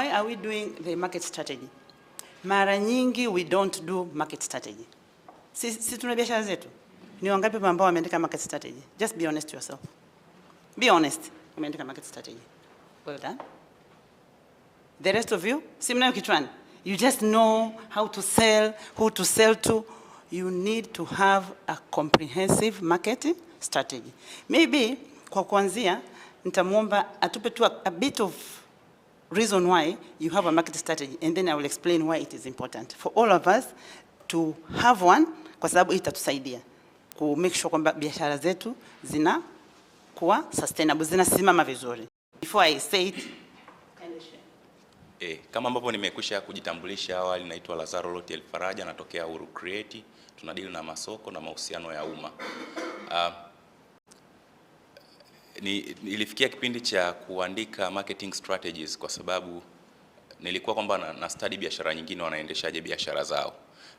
why are we doing the market strategy? Mara nyingi we don't do market strategy. Sisi si tuna biashara zetu. Ni wangapi ambao wameandika market strategy? Just be honest to yourself. Be honest. Umeandika market strategy. Well done. The rest of you, si mnayo kichwani. You just know how to sell, who to sell to. You need to have a comprehensive market strategy. Maybe kwa kuanzia nitamwomba atupe tu a bit of reason why you have a market strategy, and then I will explain why it is important for all of us to have one, kwa sababu itatusaidia ku make sure kwamba biashara zetu zina kuwa sustainable, zinasimama vizuri. Before I say it, eh, kama ambavyo nimekwisha kujitambulisha awali, naitwa Lazaro Loti El Faraja, natokea Uhuru Create. Tunadili na masoko na mahusiano ya umma. Uh, ni, nilifikia kipindi cha kuandika marketing strategies kwa sababu nilikuwa kwamba na, na study biashara nyingine wanaendeshaje biashara zao,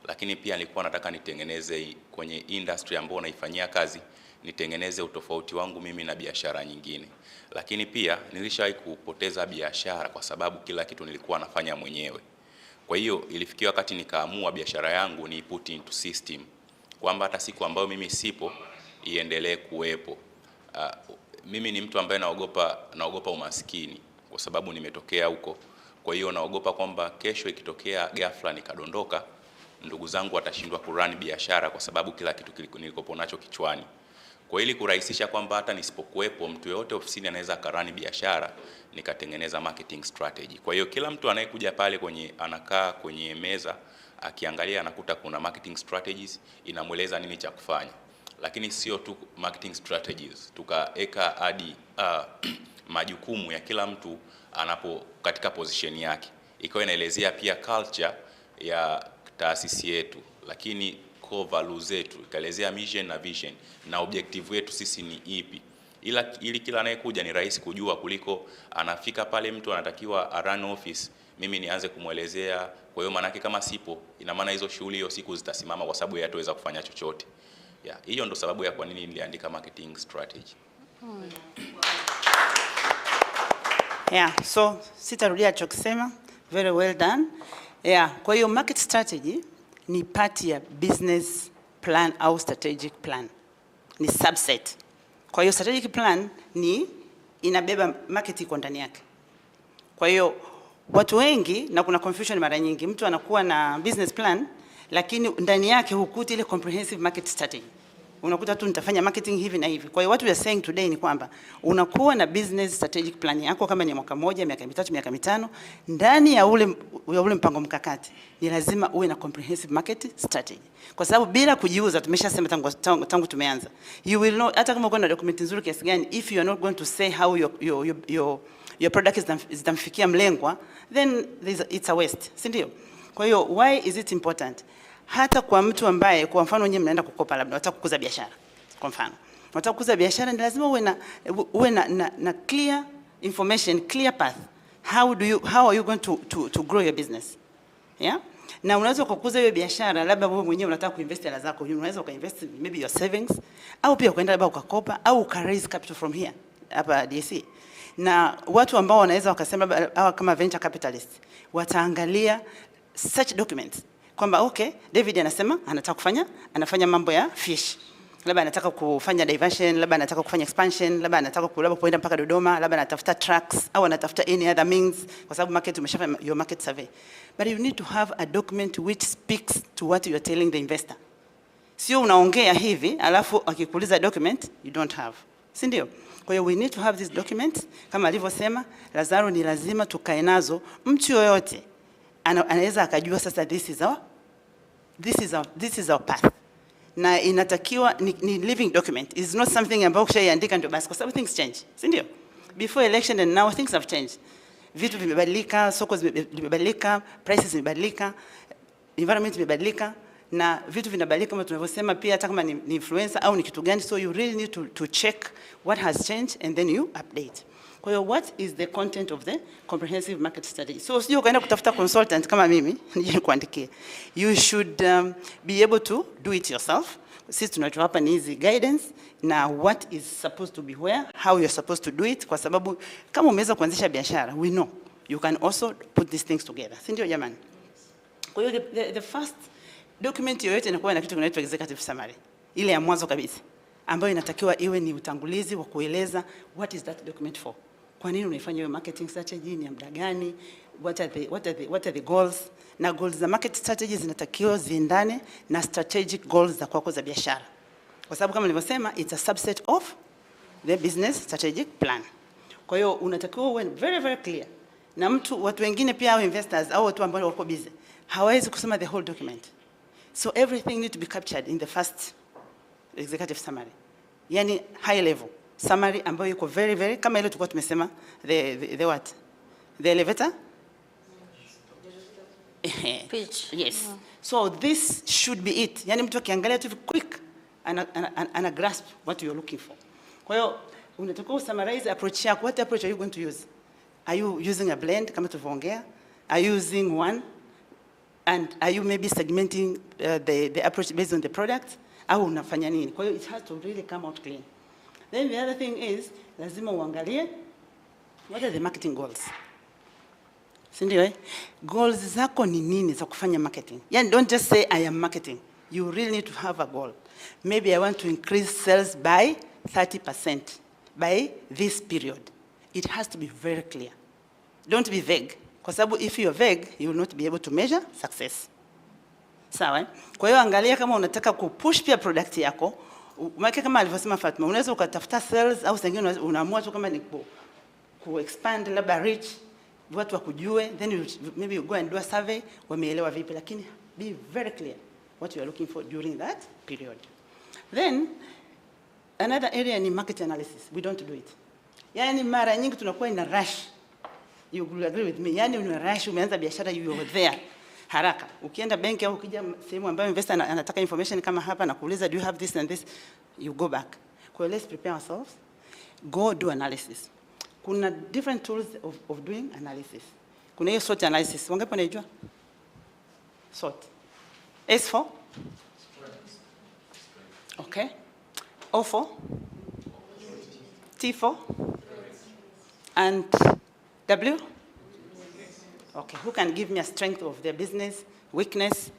lakini pia nilikuwa nataka nitengeneze kwenye industry ambayo naifanyia kazi nitengeneze utofauti wangu mimi na biashara nyingine, lakini pia nilishawahi kupoteza biashara kwa sababu kila kitu nilikuwa nafanya mwenyewe. Kwa hiyo ilifikia wakati nikaamua biashara yangu ni put into system, kwamba hata siku ambayo mimi sipo iendelee kuwepo. Uh, mimi ni mtu ambaye naogopa, naogopa umaskini kwa sababu nimetokea huko. Kwa hiyo naogopa kwamba kesho ikitokea ghafla nikadondoka, ndugu zangu watashindwa kurani biashara kwa sababu kila kitu nilikopo nacho kichwani. Kwa ili kurahisisha kwamba hata nisipokuwepo mtu yeyote ofisini anaweza akarani biashara, nikatengeneza marketing strategy. Kwa hiyo kila mtu anayekuja pale kwenye anakaa kwenye meza akiangalia anakuta kuna marketing strategies inamweleza nini cha kufanya lakini sio tu marketing strategies, tukaeka hadi uh, majukumu ya kila mtu anapo katika position yake, ikawa inaelezea pia culture ya taasisi yetu, lakini core values zetu, ikaelezea mission na vision na objective yetu sisi ni ipi, ila ili kila anayekuja ni rahisi kujua kuliko anafika pale mtu anatakiwa run office mimi nianze kumwelezea. Kwa hiyo maanake kama sipo, ina maana hizo shughuli hiyo siku zitasimama, kwa sababu yeye hataweza kufanya chochote. Yeah, hiyo ndo sababu ya kwa nini niliandika marketing strategy. Hmm. Yeah, so sitarudia alichokisema. Very well done. Yeah, kwa hiyo market strategy ni part ya business plan au strategic plan. Ni subset. Kwa hiyo strategic plan ni inabeba market iko ndani yake. Kwa hiyo watu wengi na kuna confusion mara nyingi, mtu anakuwa na business plan lakini ndani yake hukuti ile comprehensive market study. Unakuta tu nitafanya marketing hivi na hivi. Kwa hiyo what we are saying today ni kwamba unakuwa na business strategic plan yako, kama ni mwaka moja, miaka mitatu, miaka mitano, ndani ya ule, ya ule mpango mkakati ni lazima uwe na comprehensive market strategy, kwa sababu bila kujiuza, tumeshasema tangu, tangu, tangu tumeanza, you will know, hata kama uko na document nzuri kiasi gani, if you are not going to say how your, your, your, your, your product is zitamfikia mlengwa, then it's a waste, si ndio? Kwa hiyo why is it important? hata kwa mtu ambaye kwa mfano nyewe mnaenda kukopa, labda unataka kukuza biashara, kwa mfano unataka kukuza biashara, ni lazima uwe na uwe na, na, na clear information, clear path. How do you how are you going to to, to grow your business yeah na unaweza kukuza hiyo biashara, labda wewe mwenyewe unataka kuinvest hela zako, unaweza ukainvest maybe your savings, au pia ukaenda labda ukakopa au uka raise capital from here hapa DC Na watu ambao wanaweza wakasema hawa kama venture capitalists wataangalia such documents kwamba okay, David anasema anataka kufanya anafanya mambo ya fish, labda anataka kufanya diversion, labda anataka kufanya expansion, labda anataka ku, labda kuenda mpaka Dodoma, labda anatafuta trucks au anatafuta any other means, kwa sababu market umeshafanya your market survey, but you need to have a document which speaks to what you are telling the investor. Sio unaongea hivi alafu akikuuliza document you don't have, si ndio? Kwa hiyo we need to have this document, kama alivyosema Lazaro, ni lazima tukae nazo mtu yoyote anaweza akajua sasa this is our, this is our, this is our path na inatakiwa ni, ni living document is not something ambayo kushaiandika ndio basi, kwa sababu things change, si ndio? Before election and now things have changed, vitu vimebadilika, soko zimebadilika, prices zimebadilika, environment imebadilika na vitu vinabadilika kama tunavyosema, pia hata kama ni, ni influencer au ni kitu gani, so you really need to, to check what has changed and then you update. Kwa hiyo what is the content of the comprehensive market study? So sio ukaenda kutafuta consultant kama mimi nije kuandikia. You should um, be able to do it yourself. Sisi tunacho hapa ni hizi guidance na what is supposed to be where, how you're supposed to do it, kwa sababu kama umeweza kuanzisha biashara, we know you can also put these things together, si ndio jamani? Kwa hiyo the, the, the first document yoyote inakuwa na kitu kinaitwa executive summary, ile ya mwanzo kabisa ambayo inatakiwa iwe ni utangulizi wa kueleza what is that document for kwa nini unaifanya hiyo marketing strategy, ni ya muda gani, what are the, what are the, what are the goals. Na goals za market strategy zinatakiwa ziendane na strategic goals za kwako za biashara, kwa sababu kama nilivyosema, it's a subset of the business strategic plan. Kwa hiyo unatakiwa uwe very very clear na mtu, watu wengine pia au investors au watu ambao wako busy hawezi kusoma the whole document, so everything need to be captured in the first executive summary, yani high level summary ambayo iko very very kama ile tulikuwa tumesema the, the, the what the elevator pitch yes mm. so this should be it yani mtu akiangalia tu quick ana, ana, ana, ana grasp what you are looking for kwa hiyo unatakiwa summarize approach yako what approach are you going to use are you using a blend kama tulivyoongea are you using one and are you maybe segmenting uh, the, the approach based on the product au unafanya nini kwa hiyo it has to really come out clean Then the other thing is lazima uangalie what are the marketing goals. Si ndio eh? Goals zako ni nini za kufanya marketing? Yani don't just say I am marketing. You really need to have a goal. Maybe I want to increase sales by 30% by this period. It has to be very clear. Don't be vague. Kwa sababu if you are vague, you will not be able to measure success. Sawa eh? Kwa hiyo angalia kama unataka kupush pia product yako maana kama alivyosema Fatma, unaweza ukatafuta sales au sengine unaamua tu kama ni ku, ku expand labda reach watu wakujue, then you, maybe you go and do a survey, wameelewa vipi, lakini be very clear what you are looking for during that period. Then another area ni market analysis, we don't do it. Yani mara nyingi tunakuwa ina rush, you agree with me, yani una rush, umeanza biashara, you are there haraka. Ukienda benki au ukija sehemu ambayo investor anataka information kama hapa na kuuliza do you have this and this, you go back. Kwa let's prepare ourselves, go do analysis. Kuna different tools of, of doing analysis. Kuna hiyo SWOT analysis. Wangapi wanaijua? SWOT. S for? Okay. O for? T for? And W? Okay, who can give me a strength of their business, weakness?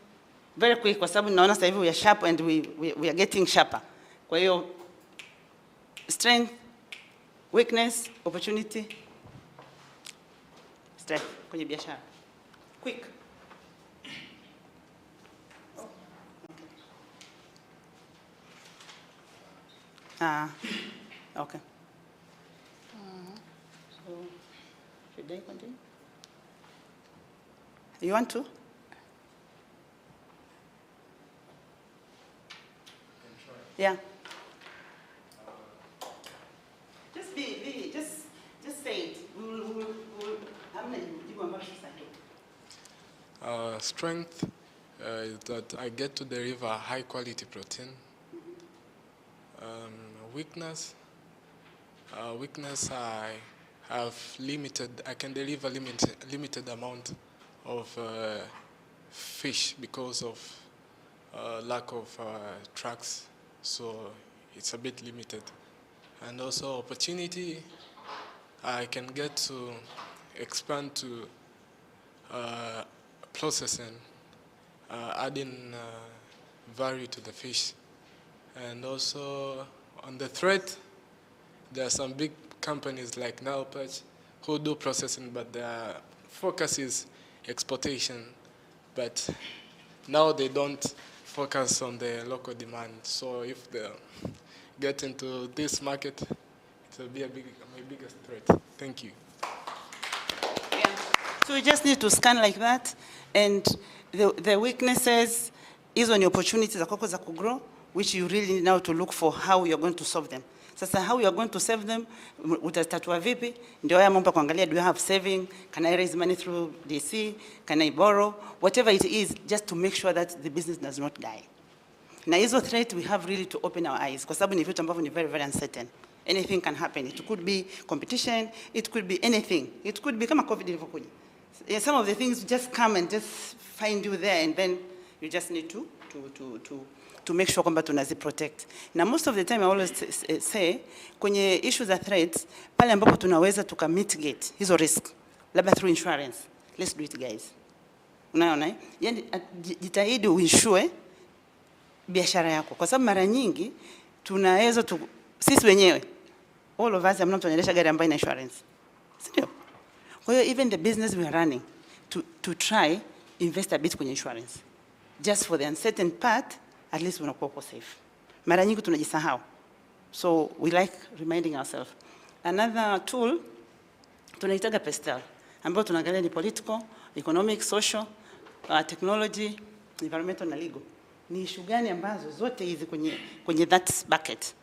Very quick kwa sababu naona sasa hivi we are sharp and we, we, we are getting sharper. Kwa hiyo strength, weakness, opportunity. Strength kwenye biashara. Quick. Ah, okay. Uh, so should I continue? You want to? Yeah. Just be, be, just, just say it. We'll, we'll, uh, strength uh, is that I get to deliver high quality protein. Um, weakness, uh, weakness I have limited, I can deliver limited, limited amount of uh, fish because of uh, lack of uh, tracks, so it's a bit limited. And also opportunity, I can get to expand to uh, processing, uh, adding value to the fish. And also on the threat, there are some big companies like Nalpatch who do processing, but their focus is exportation, but now they don't focus on the local demand. So if they get into this market, it will be a big, my biggest threat. Thank you. Yeah. So we just need to scan like that, and the, the weaknesses is on the opportunities that kwako za which you really need now to look for how you're going to solve them. Sasa how you are going to save them, utatatua vipi? Ndio haya mambo kuangalia, do you have saving, can I raise money through DC, can I borrow, whatever it is, just to make sure that the business does not die. Na hizo threat we have really to open our eyes, kwa sababu ni vitu ambavyo ni very very uncertain. Anything can happen. It could be competition, it could be anything. It could be kama COVID ilivyokuja. Some of the things just come and just find you there and then you just need to to to to to make sure kwamba tunazi protect. Na most of the time I always say kwenye issues za threats pale ambapo tunaweza tuka mitigate hizo risk labda through insurance. Let's do it guys. Unaona eh? Yaani jitahidi uinsure biashara yako kwa sababu mara nyingi tunaweza tu, sisi wenyewe all of us hamna mtu anaendesha gari ambayo ina insurance. Sio? Kwa hiyo even the business we are running to, to try invest a bit kwenye insurance just for the uncertain part at least unakuwa uko safe. Mara nyingi tunajisahau, so we like reminding ourselves. Another tool tunaitaga PESTEL ambayo tunaangalia ni political, economic, social, uh, technology, environmental na legal. Ni issue gani ambazo zote hizi kwenye, kwenye that bucket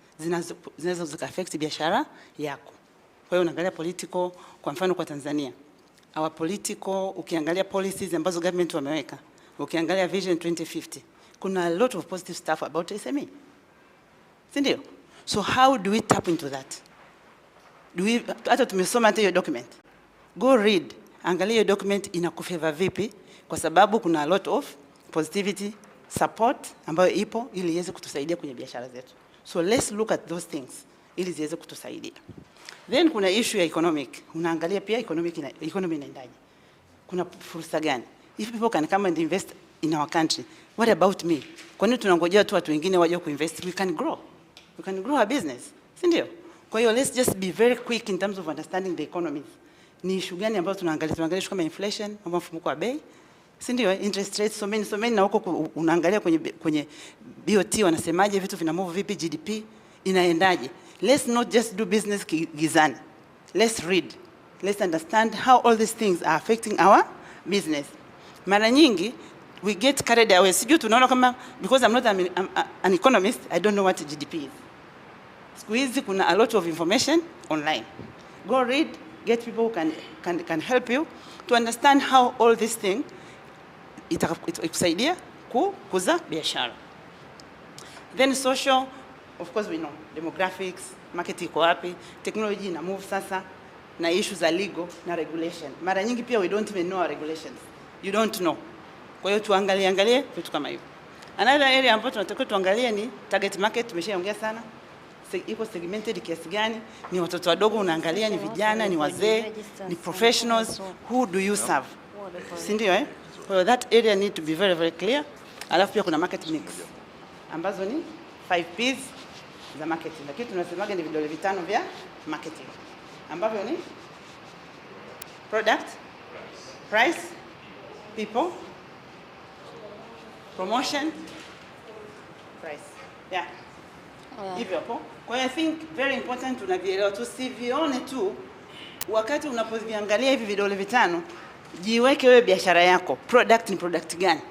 zinaweza affect biashara yako. Kwa hiyo unaangalia political, kwa mfano kwa Tanzania our political, ukiangalia policies ambazo government wameweka, ukiangalia Vision 2050 kuna a lot of positive stuff about SME. Si ndio? So how do we tap into that? Do we hata tumesoma hata hiyo document. Go read, angalia hiyo document inakufeva vipi kwa sababu kuna a lot of positivity support ambayo ipo ili iweze kutusaidia kwenye biashara zetu. So let's look at those things ili ziweze kutusaidia. Then kuna issue ya economic. Unaangalia pia economic ina, economy inaendaje? Kuna fursa gani? If people can come and invest in our country. What about me? Kwa nini tunangojea tu watu wengine waje kuinvest? We can grow. We can grow our business. Si ndio? Kwa hiyo let's just be very quick in terms of understanding the economies. Ni ishu gani ambazo tunaangalia? Tunaangalia kama inflation, mambo mfumuko wa bei. Si ndio? Interest rates so many so many na huko unaangalia kwenye kwenye BOT wanasemaje vitu vina move vipi GDP inaendaje? Let's not just do business gizani. Let's read. Let's understand how all these things are affecting our business. Mara nyingi we get carried away. Sijui tunaona kama because I'm not an, I'm an economist, I don't know what GDP is. Siku hizi kuna a lot of information online. Go read, get people who can, can, can help you to understand how all this thing itakusaidia kukuza biashara. Then social, of course we know demographics, market iko wapi, technology ina move sasa na issues za legal na regulation. Mara nyingi pia we don't even know our regulations. You don't know. Kwa hiyo tuangalie angalie vitu kama hivyo. Another area ambayo tunatakiwa tuangalie ni target market, tumeshaongea sana. Se, ipo segmented kiasi gani? Ni watoto wadogo unaangalia, ni vijana, ni wazee, ni professionals, who do you serve? Si ndio eh? Kwa hiyo that area need to be very very clear. Alafu pia kuna market mix ambazo ni 5 P's za marketing, lakini tunasemaga ni vidole vitano vya marketing ambavyo ni product, price, people promotion price. Yeah. Hivyo yeah. Hapo. Kwa hiyo I think very important tunavielewa, tusivione tu wakati unapoviangalia hivi vidole vitano, jiweke wewe biashara yako, product ni product gani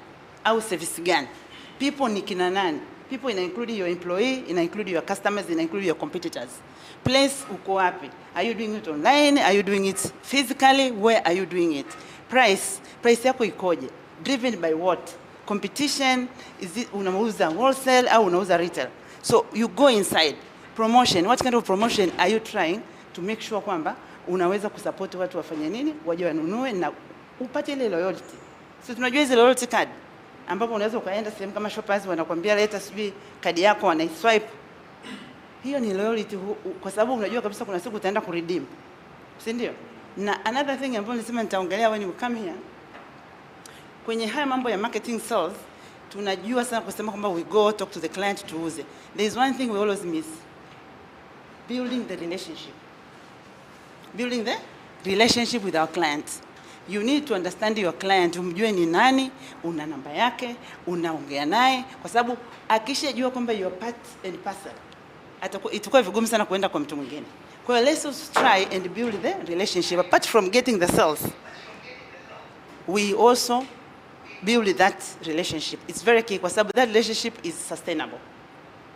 au service gani? People ni kina nani? People ina include your employee, ina include your customers, ina include your competitors. Place uko wapi? Are you doing it online? Are you doing it physically? Where are you doing it? Price, price yako ikoje? Driven by what? competition, is it unauza wholesale au unauza retail? So you go inside promotion. What kind of promotion are you trying to make sure kwamba unaweza kusupport watu wafanye nini, waje wanunue na upate ile loyalty. So tunajua hizo loyalty card ambapo unaweza ukaenda sehemu kama Shoppers wanakuambia leta sijui kadi yako, swipe. Hiyo ni loyalty, kwa sababu unajua kabisa kuna siku utaenda kuredeem, si ndio? Na another thing ambayo nilisema nitaongelea when you come here kwenye haya mambo ya marketing sales tunajua sana kusema kwamba we go talk to the client tuuze. There is one thing we always miss. Building the relationship. Building the relationship with our clients. You need to understand your client, umjue ni nani, una namba yake, unaongea naye, kwa sababu akishajua kwamba you are part and parcel, itakuwa vigumu sana kuenda kwa mtu mwingine. Kwa hiyo let's try and build the relationship apart from getting the sales. We also build that relationship. It's very key kwa sababu that relationship is sustainable.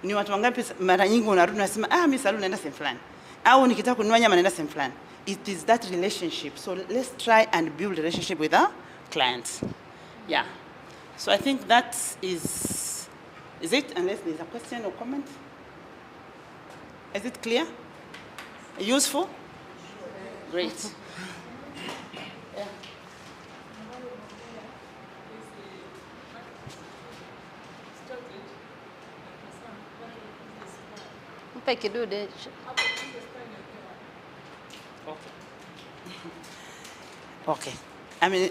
Ni watu wangapi mara nyingi unarudi unasema ah, mimi saluni naenda sehemu fulani au nikitaka kununua nyama naenda sehemu fulani. It is that relationship. So let's try and build relationship with our clients. Yeah. So I think that is is it unless there's a question or comment? Is it clear? Useful? Great. Mpe kidude Okay.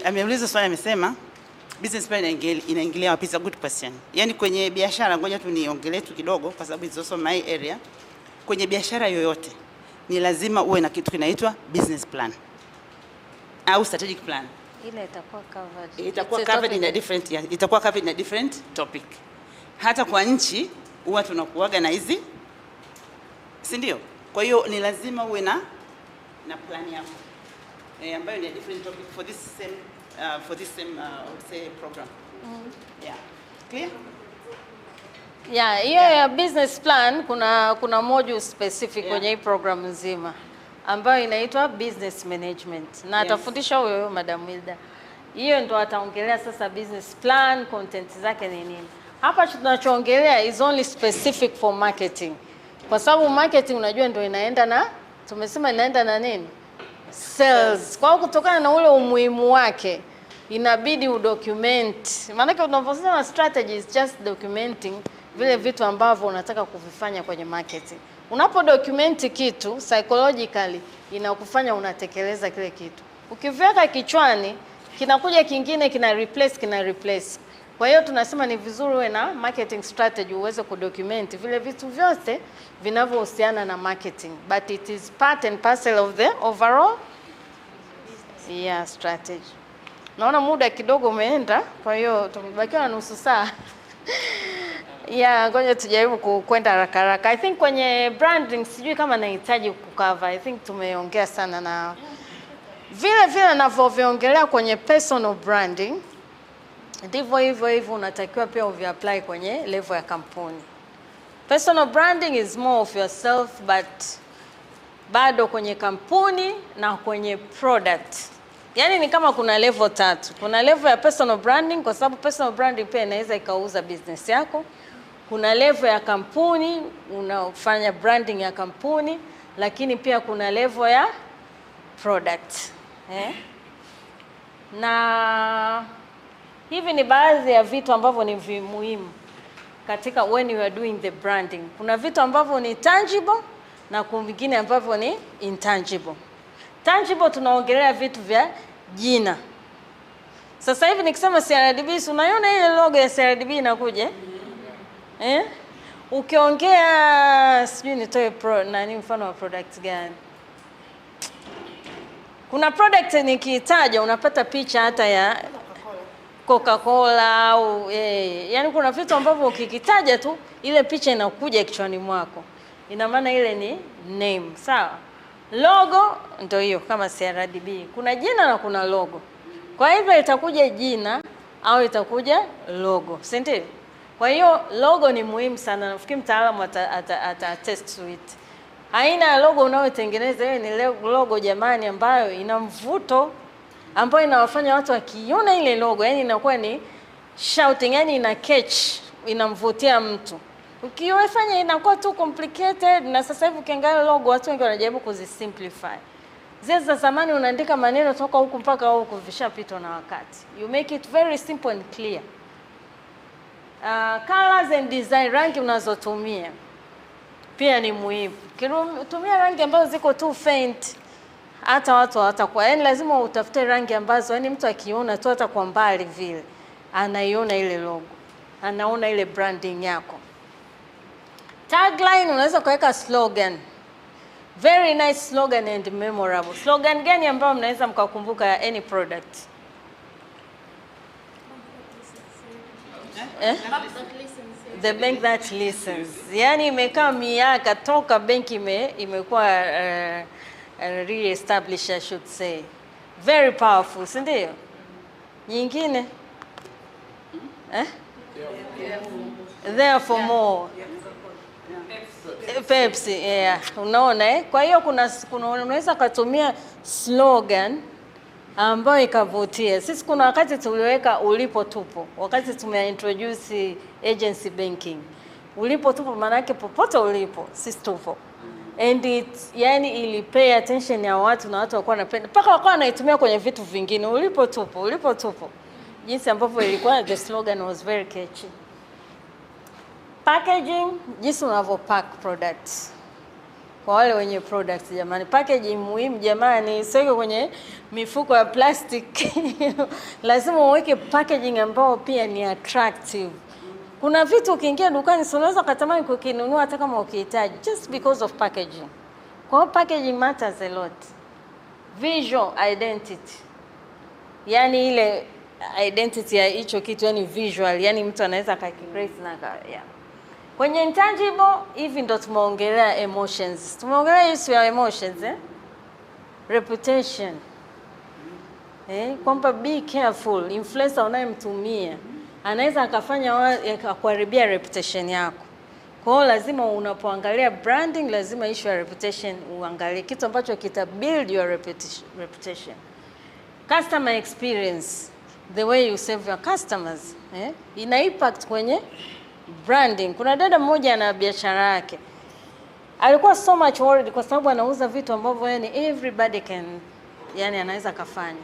Ameuliza swali amesema business plan inaingilia wapi? It's a good question. Yaani kwenye biashara, ngoja tu niongelee tu kidogo kwa sababu it's also my area. Kwenye biashara yoyote ni lazima uwe na kitu kinaitwa business plan au strategic plan. Ile itakuwa covered. Itakuwa covered in a different, yeah, itakuwa covered in a different topic. Hata kwa nchi huwa tunakuaga na hizi si ndio? Kwa hiyo ni lazima uwe na na plan yako e, ambayo ni a different topic for this same uh, for this same uh, say program. Mm. Yeah. Clear? ya Yeah, hiyo yeah, ya business plan kuna kuna moju specific kwenye yeah, hii program nzima ambayo inaitwa business management na yes, atafundisha huyo huyo Madam Wilda. Hiyo ndo ataongelea sasa business plan, content zake ni nini. Hapa tunachoongelea is only specific for marketing kwa sababu marketing unajua ndio inaenda na tumesema inaenda na nini sales. Kwa hiyo kutokana na ule umuhimu wake inabidi udocument, maanake unaposema strategy is just documenting vile vitu ambavyo unataka kuvifanya kwenye marketing. Unapo document kitu psychologically inakufanya unatekeleza kile kitu. Ukiviweka kichwani kinakuja kingine kina replace, kina replace. Kwa hiyo tunasema ni vizuri uwe na marketing strategy, uweze kudocument vile vitu vyote vinavyohusiana na marketing, but it is part and parcel of the overall yeah, strategy. Naona muda kidogo umeenda, kwa hiyo tumebakiwa na nusu saa yeah, ngoja tujaribu kwenda haraka haraka. I think kwenye branding sijui kama nahitaji kukava. I think tumeongea sana na vile vile ninavyoviongelea kwenye personal branding ndivyo hivyo hivyo unatakiwa pia uvi apply kwenye level ya kampuni. Personal branding is more of yourself but bado kwenye kampuni na kwenye product. Yaani ni kama kuna level tatu. Kuna level ya personal branding kwa sababu personal branding pia inaweza ikauza business yako. Kuna level ya kampuni unafanya branding ya kampuni, lakini pia kuna level ya product. Eh? Na Hivi ni baadhi ya vitu ambavyo ni vimuhimu katika when you are doing the branding. Kuna vitu ambavyo ni tangible na kuna vingine ambavyo ni intangible. Tangible tunaongelea vitu vya jina. Sasa hivi nikisema CRDB, unaiona ile logo ya CRDB inakuja eh? Ukiongea sijui nitoe pro nani, mfano wa product gani? Kuna product nikiitaja unapata picha hata ya Coca-Cola au eh, yani kuna vitu ambavyo ukikitaja tu ile picha inakuja kichwani mwako, ina maana ile ni name. Sawa, logo ndio hiyo, kama CRDB kuna jina na kuna logo. Kwa hivyo itakuja jina au itakuja logo, si ndio? Kwa hiyo logo ni muhimu sana, nafikiri mtaalamu ata, ata, ata attest to it. Aina ya logo unayotengeneza hiyo ni logo jamani, ambayo ina mvuto ambayo inawafanya watu wakiona ile logo, yani inakuwa ni shouting, yani ina catch, inamvutia mtu. Ukiwafanya inakuwa too complicated, na sasa hivi ukiangalia logo, watu wengi wanajaribu kuzisimplify. Zile za zamani unaandika maneno toka huku mpaka huku, vishapitwa na wakati. You make it very simple and clear. Uh, colors and design, rangi unazotumia pia ni muhimu. tumia rangi ambazo ziko too faint hata watu hawatakuwa yani, lazima utafute rangi ambazo yani mtu akiona tu hata kwa mbali vile anaiona ile logo, anaona ile branding yako. Tagline unaweza kuweka slogan, very nice slogan and memorable. Slogan gani ambayo mnaweza mkakumbuka ya any product? Eh? The bank that listens. Yani imekaa miaka toka benki ime- imekuwa uh, and re-establish I should say. Very powerful, si ndio? Nyingine eh? Yeah. Therefore yeah. more yeah. Pepsi, Pepsi. yeah. Unaona eh? Kwa hiyo kuna, kuna unaweza kutumia slogan ambayo ikavutia. Sisi kuna wakati tuliweka ulipo tupo, wakati introduce agency banking. Ulipo tupo maana yake popote ulipo sisi tupo and it yani ilipay attention ya watu na watu walikuwa wanapenda mpaka walikuwa wanaitumia kwenye vitu vingine, ulipo tupo, ulipo tupo, jinsi ambavyo ilikuwa the slogan was very catchy. Packaging, jinsi unavyo pack product kwa wale wenye product jamani, packaging muhimu jamani, sio kwenye mifuko ya plastic lazima uweke packaging ambao pia ni attractive kuna vitu ukiingia dukani unaweza katamani kukinunua hata kama ukihitaji, just because of packaging. Kwa hiyo packaging matters a lot, visual identity, yani ile identity ya hicho kitu, yani visual, yani mtu anaweza akakicreate na ka, yeah. Kwenye intangible hivi ndo tumeongelea emotions, tumeongelea issue ya emotions eh? Reputation eh? Kwamba be careful influencer unayemtumia mm -hmm anaweza akafanya akakuharibia reputation yako. Kwa hiyo lazima unapoangalia branding, lazima issue ya reputation uangalie kitu ambacho kita build your reputation. Customer experience, the way you serve your customers eh, ina impact kwenye branding. Kuna dada mmoja ana biashara yake alikuwa so much worried kwa sababu anauza vitu ambavyo yani everybody can yani anaweza kafanya,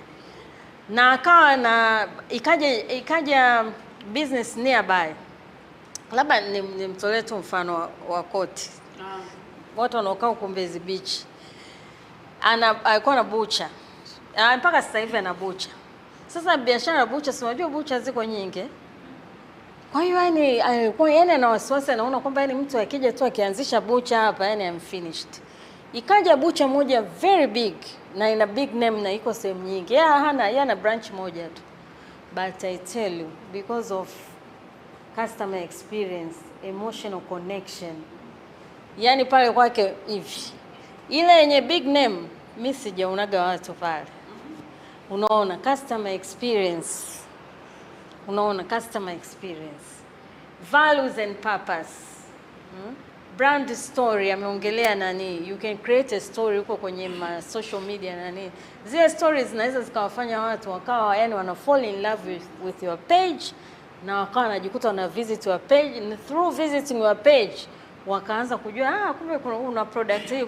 na akawa na ikaja ikaja business nearby. Labda nimtolee tu mfano wa koti ah, watu wanaokaa Ukumbezi Beach, ana alikuwa na bucha ah, mpaka sasa hivi ana bucha. Sasa biashara ya bucha, si unajua bucha ziko nyingi kwa hiyo yani alikuwa eh, yani ana wasiwasi, anaona kwamba yani mtu akija tu akianzisha bucha hapa yani am finished. Ikaja bucha moja very big na ina big name na iko sehemu nyingi, yeye hana, yeye ana branch moja tu but I tell you because of customer experience, emotional connection, yani pale kwake hivi, ile yenye big name mi sijaonaga watu pale, unaona customer experience, unaona customer experience, values and purpose hmm? brand story ameongelea nani, you can create a story huko kwenye ma social media nani, zile stories zinaweza zikawafanya watu wakawa yani wana fall in love with, with your page na wakawa wanajikuta wana visit your page and through visiting your page wakaanza kujua ah, kumbe kuna una product hii,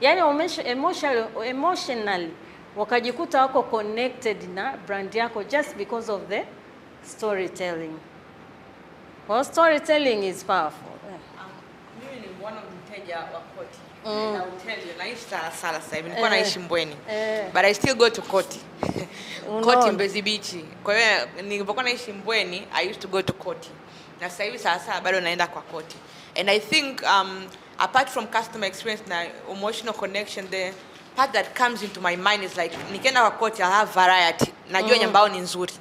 yani emotionally emotionally wakajikuta wako connected na brand yako just because of the storytelling. Well, storytelling is powerful mteja wa koti mm. na hoteli naishi sasa hivi, nilikuwa eh, naishi Mbweni eh. but I still go to koti koti Mbezi Kwa hiyo nilipokuwa naishi Mbweni I used to go to koti na sasa hivi Salasala bado naenda kwa koti and I think um, apart from customer experience na emotional connection the part that comes into my mind is like nikienda kwa koti I have variety najua mm. nyambao ni nzuri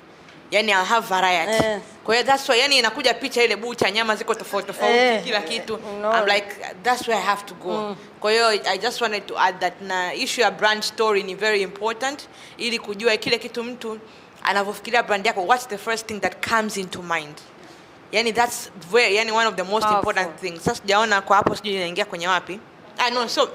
yani I have variety eh. Kwa hiyo that's why yani inakuja picha ile bucha, nyama ziko tofauti tofauti eh, kila kitu eh. no. I'm like that's where I have to go mm. Kwa hiyo I just wanted to add that na issue ya brand story ni very important, ili kujua kile kitu mtu anavyofikiria brand yako, what's the first thing that comes into mind yani that's where yani one of the most Powerful. important things. Sasa sijaona kwa hapo, sijui inaingia kwenye wapi ah, no so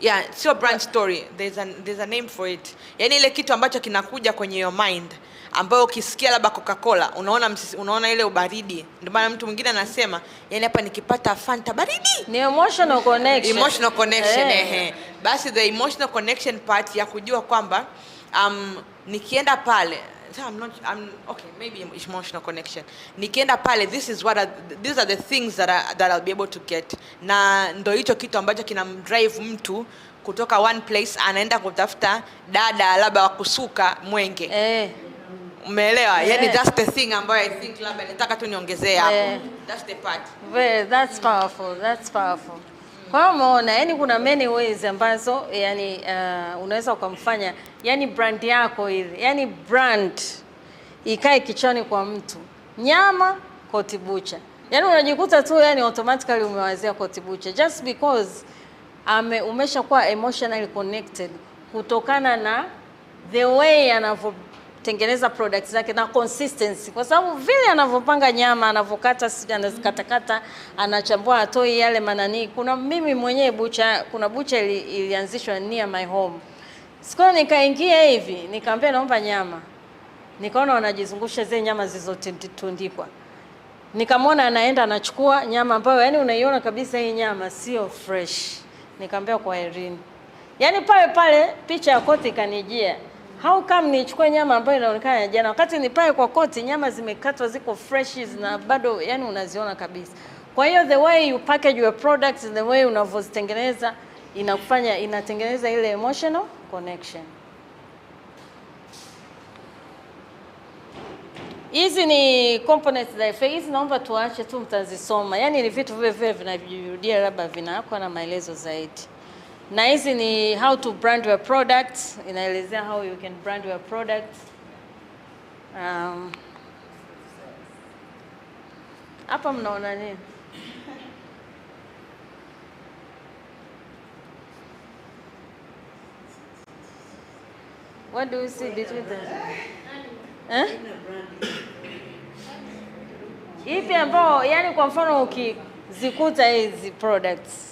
yeah, sio brand story, there's a, there's a name for it, yani ile kitu ambacho kinakuja kwenye your mind ambayo ukisikia labda Coca-Cola unaona msisi, unaona ile ubaridi. Ndio maana mtu mwingine anasema yani, hapa nikipata Fanta baridi ni emotional connection, emotional connection eh. Eh, basi the emotional connection part ya kujua kwamba um, nikienda pale I'm not, I'm, okay, maybe emotional connection. Nikienda pale this is what are, these are the things that, I, that I'll be able to get. Na ndo hicho kitu ambacho kinamdrive mtu kutoka one place anaenda kutafuta dada labda wakusuka mwenge eh. Umeelewa? Yeah. Yani that's the thing ambayo I think labda nitaka tu niongezee hapo. Yeah. That's the part. Well, that's mm. powerful. That's powerful. mm. Kwa hiyo umeona, yani kuna many ways ambazo yani uh, unaweza ukamfanya yani brand yako hivi. Yani brand ikae kichwani kwa mtu. Nyama Koti Bucha. Yani unajikuta tu yani automatically umewazia Koti Bucha just because ame umeshakuwa emotionally connected kutokana na the way anavyo tengeneza products zake na consistency, kwa sababu vile anavyopanga nyama, anavyokata, anazikatakata, anachambua, atoi yale manani. Kuna mimi mwenyewe bucha, kuna bucha ili, ilianzishwa near my home, siku nikaingia hivi nikamwambia naomba nyama, nikaona wanajizungusha zile nyama zilizotundikwa nikamwona anaenda anachukua nyama ambayo yani unaiona kabisa hii nyama sio fresh. Nikamwambia kwa Irene, yani pale pale picha ya koti ikanijia. How come nichukue nyama ambayo inaonekana ya jana wakati ni pale kwa koti, nyama zimekatwa ziko fresh na bado yani unaziona kabisa. Kwa hiyo the way you package your products, the way unavozitengeneza inakufanya inatengeneza ile emotional connection. Hizi ni components za FA. Hizi naomba tuache tu mtazisoma, yaani ni vitu vile vile vinajirudia, labda vinakwa na maelezo zaidi na hizi ni how to brand your product, inaelezea how you can brand your product. Um, hapa mnaona nini? What do you see between them? Eh? Ipi ambao yani kwa mfano ukizikuta hizi products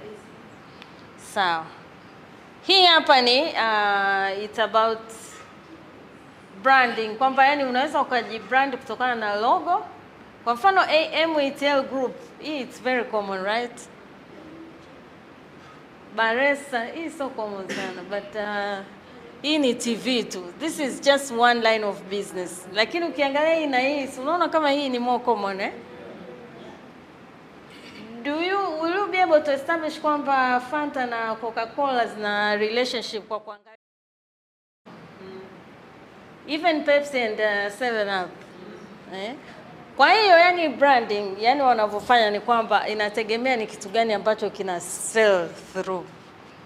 Sawa. Hii hapa ni uh, it's about branding kwamba yani unaweza ukajibrand kutokana na logo. Kwa mfano AMETL Group, hii it's very common right? Baresa hii so common sana but uh, hii ni TV tu. This is just one line of business. Lakini ukiangalia hii na hii, unaona kama hii ni more common eh? able to establish kwamba Fanta na Coca-Cola zina relationship kwa kuangalia mm. even Pepsi and uh, Seven Up mm. eh? Kwa hiyo yani branding yani wanavyofanya ni kwamba inategemea ni kitu gani ambacho kina sell through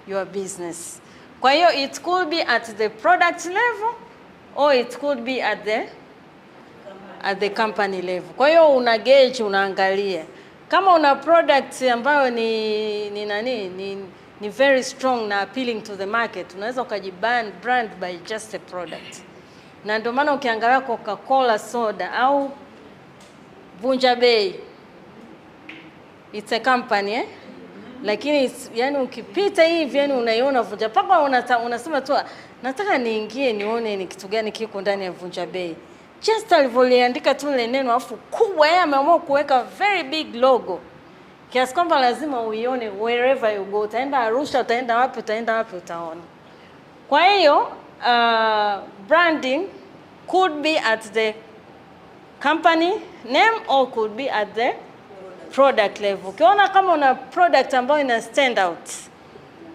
your business. Kwa hiyo it could be at the product level or it could be at the at the company level. Kwa hiyo una gauge, unaangalia kama una product ambayo ni ni nani ni, ni very strong na appealing to the market, unaweza ukajibrand brand by just a product, na ndio maana ukiangalia Coca-Cola soda au Vunja Bei it's a company eh? Lakini yani ukipita hivi yani unaiona Vunja paka unasema tu ah, nataka niingie nione ni kitu gani kiko ndani ya Vunja Bei just alivyoliandika tu ile neno afu kubwa, yeye ameamua kuweka very big logo kiasi kwamba lazima uione wherever you go. Utaenda Arusha, utaenda wapi, utaenda wapi, utaona. Kwa hiyo uh, branding could be at the company name or could be at the product level. Ukiona kama una product ambayo ina stand out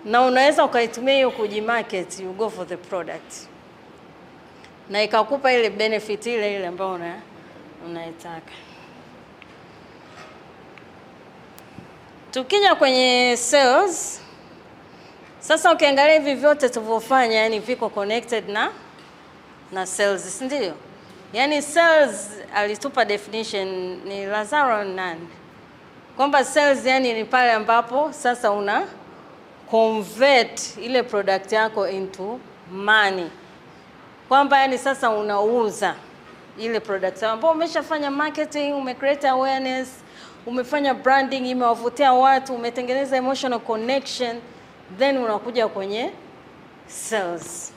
na unaweza ukaitumia hiyo kujimarket, you go for the product na ikakupa ile benefit ile ile ambayo unaitaka. Tukija kwenye sales sasa, ukiangalia hivi vyote tulivyofanya, yani viko connected na na sales, si ndio? Yani sales alitupa definition ni Lazaro nani, kwamba sales yani ni pale ambapo sasa una convert ile product yako into money kwamba yani sasa unauza ile product yako ambao umeshafanya marketing, umecreate awareness, umefanya branding, imewavutia watu, umetengeneza emotional connection, then unakuja kwenye sales.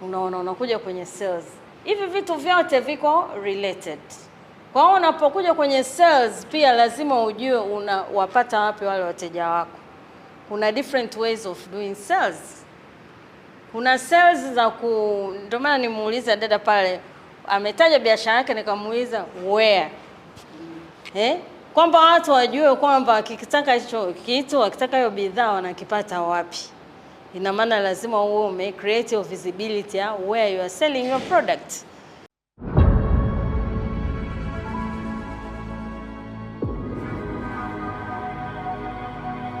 Unaona, unakuja kwenye sales. Hivi vitu vyote viko related. Kwa hiyo unapokuja kwenye sales pia lazima ujue unawapata wapi wale wateja wako. Kuna different ways of doing sales kuna sales za ku, ndio maana nimuuliza dada pale ametaja biashara yake, nikamuuliza where eh, kwamba watu wajue kwamba kikitaka hicho kitu, wakitaka hiyo bidhaa wanakipata wapi. Ina maana lazima uwe ume create visibility ya where you are selling your product.